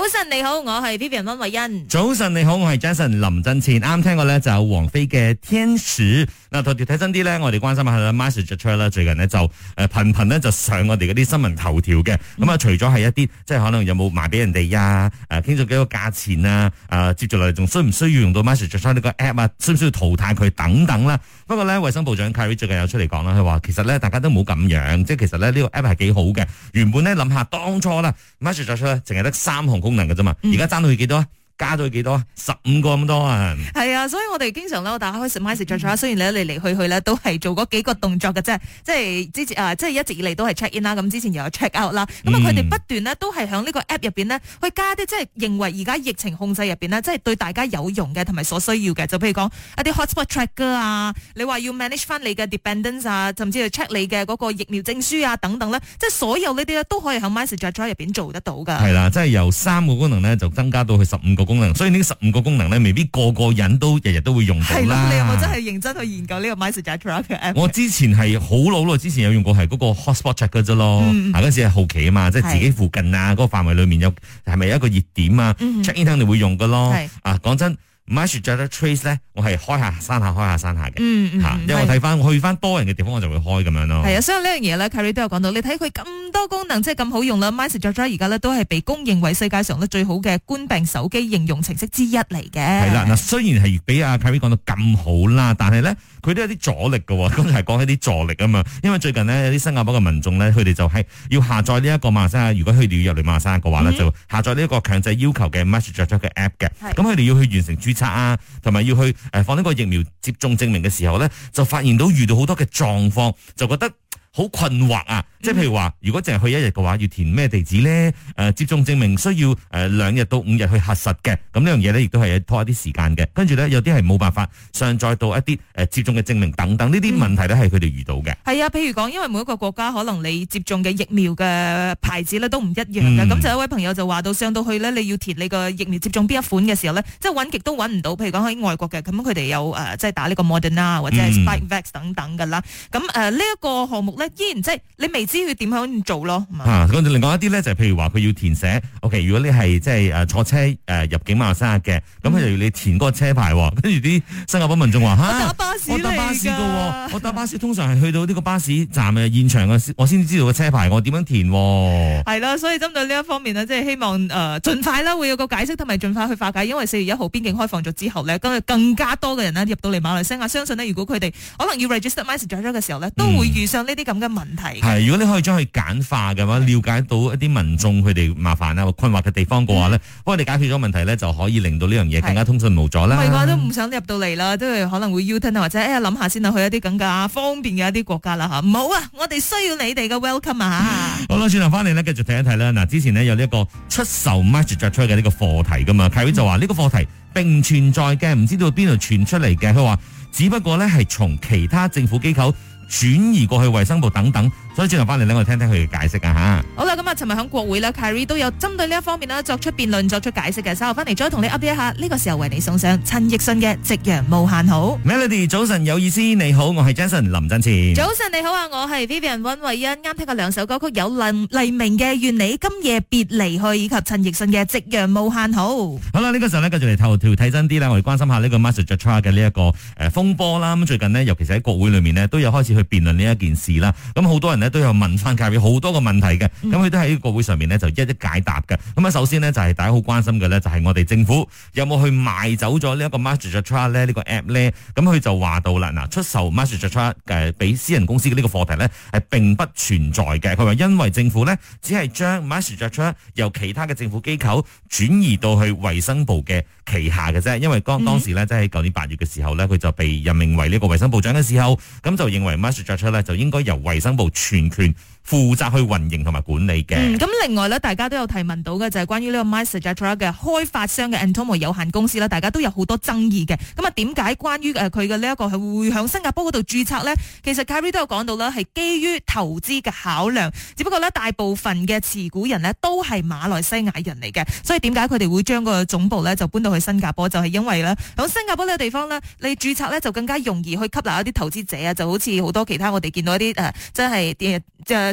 早晨你好，我係 Vivian 溫慧欣。早晨你好，我係 Jason 林振前。啱聽過咧就有王菲嘅天使。嗱，特別睇真啲咧，我哋關心下啦。Messenger 啦，最近呢，就誒頻頻咧就上我哋嗰啲新聞頭條嘅。咁啊、嗯，除咗係一啲即係可能有冇賣俾人哋啊？誒，傾咗幾個價錢啊？誒，接住嚟仲需唔需要用到 Messenger 呢個 App 啊？需唔需要淘汰佢等等啦？不過咧，衛生部長 Carrie 最近有出嚟講啦，佢話其實咧大家都冇咁樣，即係其實呢，呢個 App 係幾好嘅。原本呢，諗下當初啦，Messenger 淨係得三項。功能嘅啫嘛，而家爭到去幾多啊？嗯加咗幾多，多？十五個咁多啊！係啊，所以我哋經常咧，我打開食 MySejahtera，雖然咧嚟嚟去去咧都係做嗰幾個動作嘅，即係即係之前即係一直以嚟都係 check in 啦，咁之前又有 check out 啦、嗯。咁佢哋不斷咧都係響呢個 app 入邊呢去加啲，即係認為而家疫情控制入邊呢即係對大家有用嘅同埋所需要嘅，就譬如講一啲 hotspot tracker 啊，你話要 manage 翻你嘅 dependence 啊，甚至係 check 你嘅嗰個疫苗證書啊等等咧，即係所有呢啲都可以喺 MySejahtera 入邊做得到噶。係啦、啊，即係由三個功能咧就增加到去十五個。功能，所以呢十五個功能咧，未必個個人都日日都會用到啦。係咯，你有冇真係認真去研究呢個 message？我之前係好耐，之前有用過係嗰個 Hotspot Check 噶、er、啫咯。嗱、嗯，陣時係好奇啊嘛，即、就、係、是、自己附近啊是個範圍裏面有係咪一個熱點啊、嗯嗯？Check in 肯定會用噶咯。是啊，講真。MySuggest 咧，我係開下刪下開下刪下嘅，吓、嗯，因為我睇翻，我去翻多人嘅地方，我就會開咁樣咯。係啊，所以呢樣嘢咧 Carrie 都有講到，你睇佢咁多功能，即係咁好用啦。MySuggest 而家咧都係被公認為世界上咧最好嘅冠病手機應用程式之一嚟嘅。係啦，嗱，雖然係俾阿 Carrie 講到咁好啦，但係咧。佢都有啲阻力喎，咁就係講起啲助力啊嘛。因為最近呢，有啲新加坡嘅民眾咧，佢哋就係要下載呢一個馬來西亞，如果去到入嚟馬來西亞嘅話咧，嗯、就下載呢一個強制要求嘅 MyTrace 嘅 App 嘅。咁佢哋要去完成註冊啊，同埋要去放呢個疫苗接種證明嘅時候咧，就發現到遇到好多嘅狀況，就覺得，好困惑啊！即係譬如話，如果淨係去一日嘅話，要填咩地址咧？誒、呃，接種證明需要誒兩日到五日去核實嘅，咁呢樣嘢咧，亦都係拖一啲時間嘅。跟住咧，有啲係冇辦法上載到一啲誒、呃、接種嘅證明等等，呢啲問題咧係佢哋遇到嘅。係啊，譬如講，因為每一個國家可能你接種嘅疫苗嘅牌子咧都唔一樣嘅，咁、嗯、就一位朋友就話到，上到去咧你要填你個疫苗接種邊一款嘅時候咧，即係揾極都揾唔到。譬如講喺外國嘅，咁佢哋有誒即係打呢個 Moderna 或者係 SpikeVax 等等噶啦。咁誒、嗯呃這個、呢一個項目咧。依然即係你未知佢點樣做咯，吓咁、啊、另外一啲咧就係譬如話佢要填寫，OK，如果你係即係誒坐車誒入境馬來西亞嘅，咁佢、嗯、就要你填嗰個車牌，跟住啲新加坡民眾話吓，我搭巴士嚟噶，我搭巴士通常係去到呢個巴士站嘅 現場我先知道個車牌，我點樣填？係啦，所以針對呢一方面咧，即、就、係、是、希望誒盡、呃、快啦，會有個解釋，同埋盡快去化解，因為四月一號邊境開放咗之後咧，咁更加多嘅人咧入到嚟馬來西亞，相信咧如果佢哋可能要 register my seat 咗嘅時候咧，嗯、都會遇上呢啲咁。問題係，如果你可以將佢簡化嘅話，的了解到一啲民眾佢哋麻煩啊或困惑嘅地方嘅話咧，幫我哋解決咗問題咧，就可以令到呢樣嘢更加通訊無阻啦。係啊的、嗯，都唔想入到嚟啦，都係可能會 U-turn 啊，或者誒諗下先去一啲更加方便嘅一啲國家啦吓。唔好啊，我哋需要你哋嘅 welcome 啊、嗯！嗯、好啦，轉頭翻嚟咧，繼續睇一睇啦。嗱，之前呢，有呢一個出售 Magic 出嘅呢個課題噶嘛 Kerry 就話呢個課題並唔存在嘅，唔知道邊度傳出嚟嘅。佢話只不過咧係從其他政府機構。轉移過去衛生部等等，所以轉頭翻嚟咧，我聽聽佢嘅解釋啊吓。好啦，咁啊，尋日喺國會咧，Kerry 都有針對呢一方面咧作出辯論、作出解釋嘅。稍後翻嚟再同你 update 一下，呢個時候為你送上陳奕迅嘅《夕陽無限好》。Melody，早晨有意思，你好，我係 Jason 林振詞。早晨你好啊，我係 Vivian 温慧欣，啱聽過兩首歌曲，有《林黎明嘅願你今夜別離去》，以及陳奕迅嘅《夕陽無限好》。好啦，呢個時候咧，繼續嚟頭條睇真啲啦，我哋關心下呢個 Massachusetts 嘅呢一個誒風波啦。咁最近咧，尤其是喺國會裏面咧，都有開始。去辯論呢一件事啦，咁好多人咧都有問翻界別好多個問題嘅，咁佢都喺呢個會上面咧就一一解答嘅。咁啊，首先咧就係大家好關心嘅咧，就係我哋政府有冇去賣走咗呢一個 master chart 咧呢個 app 咧？咁佢就話到啦，嗱，出售 master chart 誒俾私人公司嘅呢個課題咧係並不存在嘅。佢話因為政府咧只係將 master chart 由其他嘅政府機構轉移到去衞生部嘅旗下嘅啫，因為當當時咧即係喺舊年八月嘅時候咧，佢就被任命為呢個衞生部長嘅時候，咁就認為乜？一說作出咧，就應該由衛生部全權。負責去運營同埋管理嘅。嗯，咁另外咧，大家都有提問到嘅就係關於呢個 message 啊，做一嘅開發商嘅 e n t o m o 有限公司啦，大家都有好多爭議嘅。咁啊，點解關於誒佢嘅呢一個係會響新加坡嗰度註冊呢？其實 k a r y 都有講到啦，係基於投資嘅考量。只不過呢，大部分嘅持股人呢都係馬來西亞人嚟嘅，所以點解佢哋會將個總部咧就搬到去新加坡？就係、是、因為咧響新加坡呢個地方呢，你註冊呢就更加容易去吸納一啲投資者啊，就好似好多其他我哋見到一啲誒、呃、真係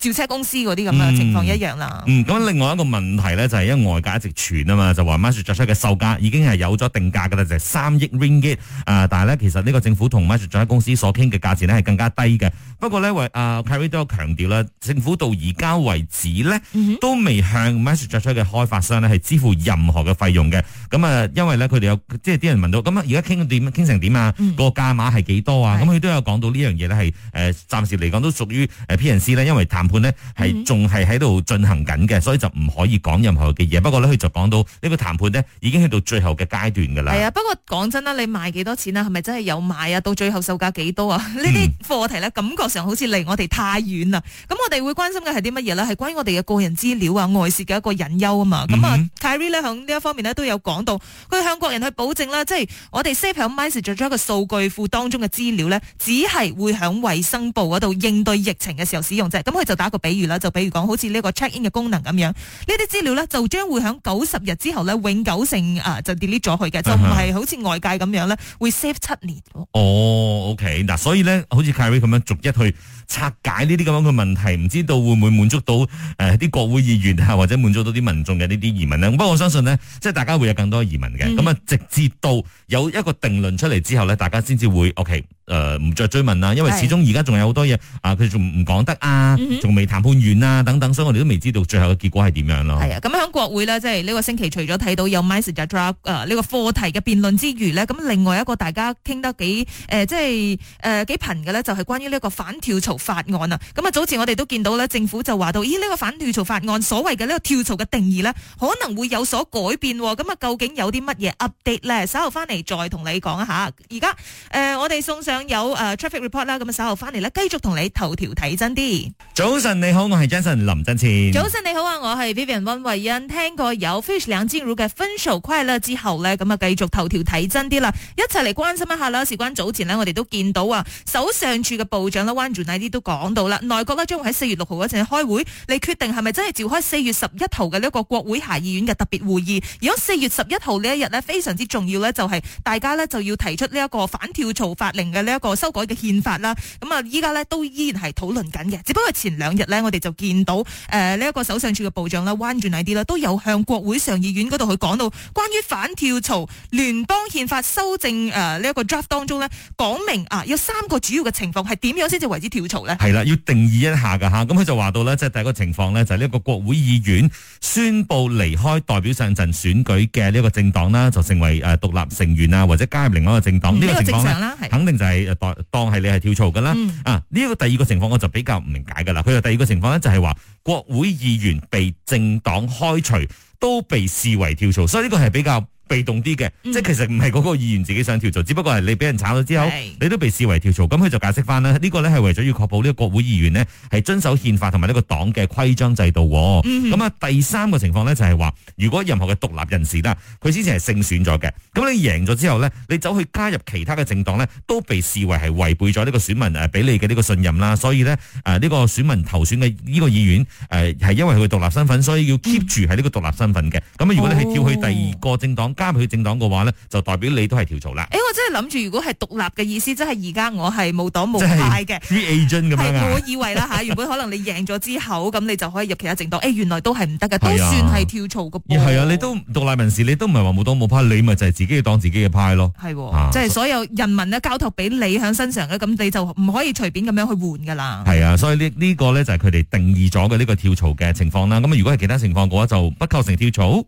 召車公司嗰啲咁嘅情況一樣啦。咁、嗯嗯、另外一個問題呢，就係因為外界一直傳啊嘛，就話馬術作出嘅售價已經係有咗定價㗎啦，就係、是、三億 ringgit 啊、呃！但係呢，其實呢個政府同馬術著出公司所傾嘅價錢呢係更加低嘅。不過呢，為、呃、Kerry 都有強調啦，政府到而家為止呢，嗯、哼都未向馬術著出嘅開發商呢係支付任何嘅費用嘅。咁啊，因為呢，佢哋有即係啲人問到，咁啊而家傾點傾成點啊？個價碼係幾多啊？咁佢、嗯、都有講到呢樣嘢呢，係誒暫時嚟講都屬於 p P&C 呢，因為判咧係仲係喺度進行緊嘅，所以就唔可以講任何嘅嘢。不過咧，佢就講到呢個談判呢已經去到最後嘅階段噶啦。係啊，不過講真啦，你賣幾多錢啊？係咪真係有賣啊？到最後售價幾多啊？呢啲課題呢感覺上好似離我哋太遠啦。咁、嗯、我哋會關心嘅係啲乜嘢咧？係關於我哋嘅個人資料啊，外泄嘅一個隱憂啊嘛。咁、嗯、哼啊，Khairy 咧喺呢一方面咧都有講到，佢向國人去保證啦，即係我哋 MySejahtera 呢個數據庫當中嘅資料呢，只係會喺衞生部嗰度應對疫情嘅時候使用啫。咁佢就。打個比喻啦，就比如講好似呢個 check in 嘅功能咁樣，呢啲資料咧就將會喺九十日之後咧永久性啊就 delete 咗佢嘅，就唔係好似外界咁樣咧，uh huh. 會 save 七年。哦、oh，OK，嗱，啊，所以咧好似 Kerry 咁樣逐一去拆解呢啲咁樣嘅問題，唔知道會唔會滿足到誒啲，呃、國會議員啊，或者滿足到啲民眾嘅呢啲移民咧？不過我相信呢，即係大家會有更多移民嘅，咁啊，mm，hmm. 直至到有一個定論出嚟之後咧，大家先至會 OK。誒，唔、呃、再追問啦，因為始終而家仲有好多嘢的啊，佢仲唔講得啊，仲未談判完啊，嗯、哼等等，所以我哋都未知道最後嘅結果係點樣咯。係啊，咁喺國會呢，即係呢、這個星期除咗睇到有 message drop，呢個課題嘅辯論之餘呢，咁另外一個大家傾得幾誒、呃，即係誒幾頻嘅呢，就係、是、關於呢個個反跳槽法案啊。咁、嗯、啊，早前我哋都見到呢，政府就話到，咦，呢、這個反跳槽法案所謂嘅呢個跳槽嘅定義呢，可能會有所改變。咁、嗯、啊，究竟有啲乜嘢 update 咧？稍後翻嚟再同你講一下。而家、呃、我哋送上。有誒 traffic report 啦，咁啊稍後翻嚟啦，繼續同你頭條睇真啲。早晨你好，我係 Jason 林振前。早晨你好啊，我係 Vivian 溫慧欣。聽過有 Fish 兩 zero 嘅 financial quality 之後呢，咁啊繼續頭條睇真啲啦，一齊嚟關心一下啦。事關早前呢，我哋都見到啊，首相處嘅部長啦，溫潤麗呢都講到啦，內閣咧將會喺四月六號嗰陣開會嚟決定係咪真係召開四月十一號嘅呢一個國會下議院嘅特別會議。如果四月十一號呢一日呢，非常之重要呢，就係大家呢就要提出呢一個反跳槽法令嘅。一個修改嘅憲法啦，咁啊，依家咧都依然係討論緊嘅，只不過前兩日咧，我哋就見到誒呢一個首相處嘅部長啦，彎轉啲啦，都有向國會上議院嗰度去講到關於反跳槽聯邦憲法修正誒呢一個 draft 當中咧，講明啊有三個主要嘅情況係點樣先至為之跳槽咧？係啦，要定義一下噶吓，咁佢就話到咧，即係第一個情況咧，就係呢一個國會議員宣布離開代表上陣選舉嘅呢一個政黨啦，就成為誒獨立成員啊，或者加入另外一個政黨呢個情況咧，肯定就係。係當當係你係跳槽噶啦、嗯、啊呢、呢個第二個情況我就比較唔明解噶啦。佢話第二個情況咧，就係話國會議員被政黨開除，都被視為跳槽，所以呢個係比較。被動啲嘅，即係其實唔係嗰個議員自己想跳槽，只不過係你俾人炒咗之後，你都被視為跳槽。咁佢就解釋返啦。呢、呢個呢係為咗要確保呢個國會議員呢係遵守憲法同埋呢個黨嘅規章制度。咁啊、嗯哼，第三個情況呢，就係話，如果任何嘅獨立人士啦，佢之前係勝選咗嘅，咁你贏咗之後呢，你走去加入其他嘅政黨呢，都被視為係違背咗呢個選民誒俾你嘅呢個信任啦。所以呢，誒呢個選民投選嘅呢個議員誒係因為佢獨立身份，所以要 keep 住喺呢個獨立身份嘅。咁、嗯、如果你係跳去第二個政黨。加入去政黨嘅話咧，就代表你都係跳槽啦。誒、欸，我真係諗住，如果係獨立嘅意思，即係而家我係冇黨冇派嘅 free agent 咁樣啊。咁係我以為啦嚇、啊，原本可能你贏咗之後，咁 你就可以入其他政黨。誒、欸，原來都係唔得嘅，啊、都算係跳槽嘅。係啊，你都獨立人士，你都唔係話冇黨冇派，你咪就係自己當自己嘅派咯。係喎、啊，即係、啊、所有人民咧交託俾你喺身上嘅，咁你就唔可以隨便咁樣去換噶啦。係啊，所以呢呢個咧就係佢哋定義咗嘅呢個跳槽嘅情況啦。咁如果係其他情況嘅話，就不構成跳槽。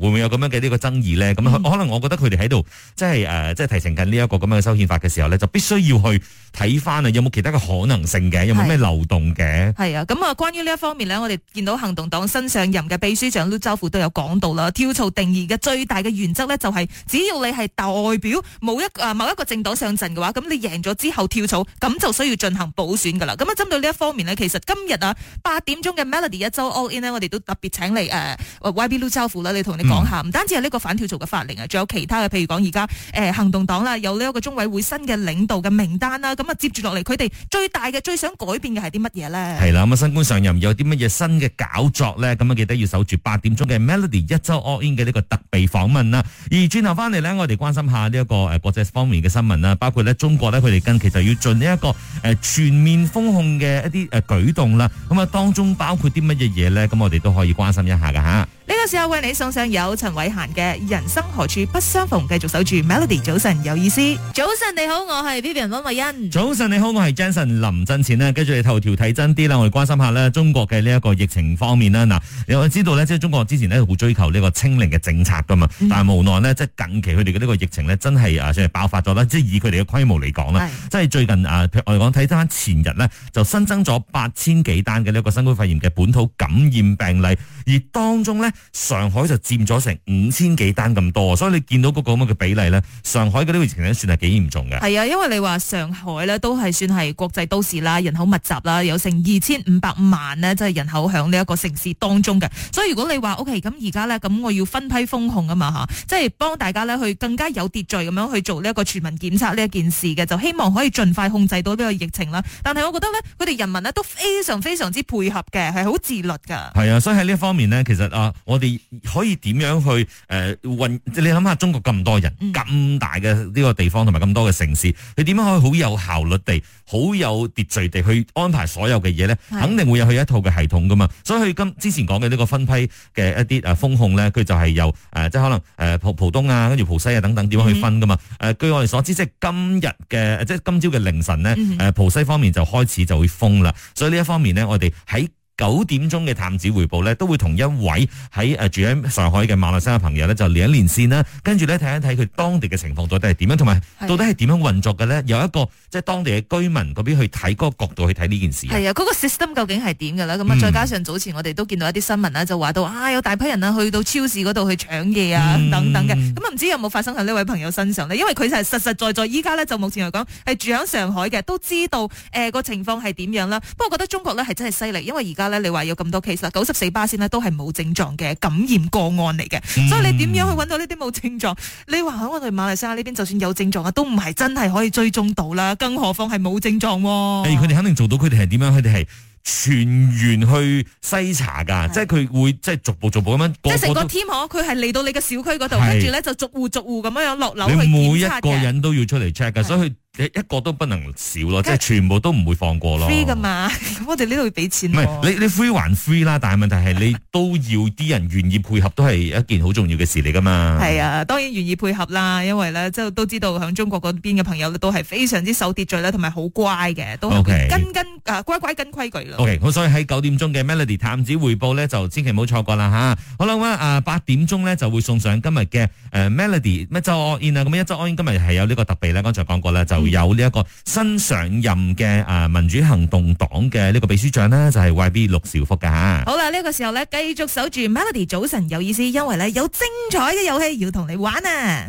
會唔會有咁樣嘅呢個爭議呢？咁、嗯、可能我覺得佢哋喺度即係誒，即、呃、係提呈緊呢一個咁樣嘅修憲法嘅時候呢，就必須要去睇翻啊，有冇其他嘅可能性嘅，有冇咩漏洞嘅？係啊，咁啊，關於呢一方面呢，我哋見到行動黨新上任嘅秘書長盧周富都有講到啦。跳槽定義嘅最大嘅原則呢、就係，就係只要你係代表某一某一個政黨上陣嘅話，咁你贏咗之後跳槽，咁就需要進行補選噶啦。咁啊，針對呢一方面呢，其實今日啊八點鐘嘅 Melody 一周 All In，a 我哋都特別請嚟誒 YB 盧周富啦，你、呃同你講下，唔單止係呢個反跳槽嘅法令啊，仲有其他嘅，譬如講而家誒行動黨啦，有呢一個中委會新嘅領導嘅名單啦，咁啊接住落嚟，佢哋最大嘅最想改變嘅係啲乜嘢咧？係啦，咁啊新官上任有啲乜嘢新嘅搞作咧？咁啊記得要守住八點鐘嘅 Melody 一周 All In 嘅呢個特備訪問啦。而轉頭翻嚟咧，我哋關心下呢一個誒國際方面嘅新聞啦，包括咧中國咧，佢哋近期就要進呢一個誒全面封控嘅一啲誒舉動啦。咁啊當中包括啲乜嘢嘢咧？咁我哋都可以關心一下噶吓。呢個時候為你送上由陳偉嫻嘅《人生何處不相逢》，繼續守住 Melody。早晨有意思，早晨你好，我係 Vivian 溫慧欣。早晨你好，我係 Jason 林振前呢，跟住你頭條睇真啲啦，我哋關心一下咧中國嘅呢一個疫情方面啦。嗱，你知道咧，即係中國之前咧好追求呢個清零嘅政策噶嘛。嗯、但係無奈呢，即係近期佢哋嘅呢個疫情呢，真係啊，即係爆發咗啦。即係以佢哋嘅規模嚟講啦，即係是最近啊，譬如講睇翻前日呢就新增咗八千幾單嘅呢一個新冠肺炎嘅本土感染病例，而當中呢。上海就佔咗成五千幾單咁多，所以你見到嗰個咁嘅比例呢。上海嘅呢個疫情算係幾嚴重嘅。係啊，因為你話上海呢都係算係國際都市啦，人口密集啦，有成二千五百萬呢，即係人口響呢一個城市當中嘅。所以如果你話 O K，咁而家呢，咁我要分批封控嘛啊嘛吓，即係幫大家呢去更加有秩序咁樣去做呢一個全民檢測呢一件事嘅，就希望可以盡快控制到呢個疫情啦。但係我覺得呢，佢哋人民呢都非常非常之配合嘅，係好自律噶。係啊，所以喺呢一方面呢，其實啊。我哋可以點樣去誒運、呃，你諗下，中國咁多人，咁，嗯，大嘅呢個地方，同埋咁多嘅城市，佢點樣可以好有效率地，好有秩序地去安排所有嘅嘢咧？的肯定會有佢一套嘅系統噶嘛。所以佢今之前講嘅呢個分批嘅一啲誒封控咧，佢就係由誒、呃、即係可能誒、呃、浦浦東啊，跟住浦西啊等等，點樣去分噶嘛？誒、嗯呃，據我哋所知，即係今日嘅即係今朝嘅凌晨咧，誒、嗯哼呃、浦西方面就開始就會封啦。所以呢一方面咧，我哋喺。九點鐘嘅探子回報，呢，都會同一位喺誒住喺上海嘅馬來西亞朋友看看呢，就連一連線啦，跟住呢，睇一睇佢當地嘅情況到底係點樣，同埋到底係點樣運作嘅呢？有一個即係當地嘅居民嗰邊去睇嗰，嗰個角度去睇呢件事。係啊，嗰，嗰個 system 究竟係點㗎啦？咁啊，再加上早前我哋都見到一啲新聞啦，就話到啊，有大批人啊去到超市嗰度去搶嘢啊等等嘅。咁啊，唔知有冇發生喺呢位朋友身上呢？因為佢係實實在在依家呢，就目前嚟講係住喺上海嘅，都知道誒個，呃，情況係點樣啦。不過覺得中國呢，係真係犀利，因為而家。你話有咁多 case 啦，九十四巴仙都係冇症狀嘅感染個案嚟嘅。嗯、所以你點樣去揾到呢啲冇症狀？你話喺我哋馬來西亞呢邊，就算有症狀啊，都唔係真係可以追蹤到啦，更何況係冇症狀、啊，喎？佢哋肯定做到，佢哋係點樣？佢哋係全員去篩查噶，的即係佢會即係逐步逐步咁樣。即係成個 team 佢係嚟到你嘅小區嗰度，跟住咧就逐戶逐戶咁樣樣落樓去每一個人都要出嚟 check 噶，所以。一一個都不能少咯，然即係全部都唔會放過咯。free 噶嘛，咁我哋呢度要俾錢。唔係，你你 free 還 free 啦，但係問題係你都要啲人願意配合， 都係一件好重要嘅事嚟噶嘛。係啊，當然願意配合啦，因為咧即係都知道響中國嗰邊嘅朋友都係非常之守秩序啦，同埋好乖嘅，都跟跟 Okay.、啊、乖乖跟規矩咯。OK，好，所以喺九點鐘嘅 Melody 探子匯報咧就千祈唔好錯過啦吓。好啦，咁啊八點鐘咧就會送上今日嘅誒 Melody 咩一周宴啊，咁、uh, 一周宴今日係有呢個特備咧，剛才講過咧就。有呢一個新上任嘅誒民主行動黨嘅呢個秘書長咧，就係、是、YB 陸兆福嘅吓。好啦，呢、呢個時候咧，繼續守住 Melody 早晨有意思，因為咧有精彩嘅遊戲要同你玩啊！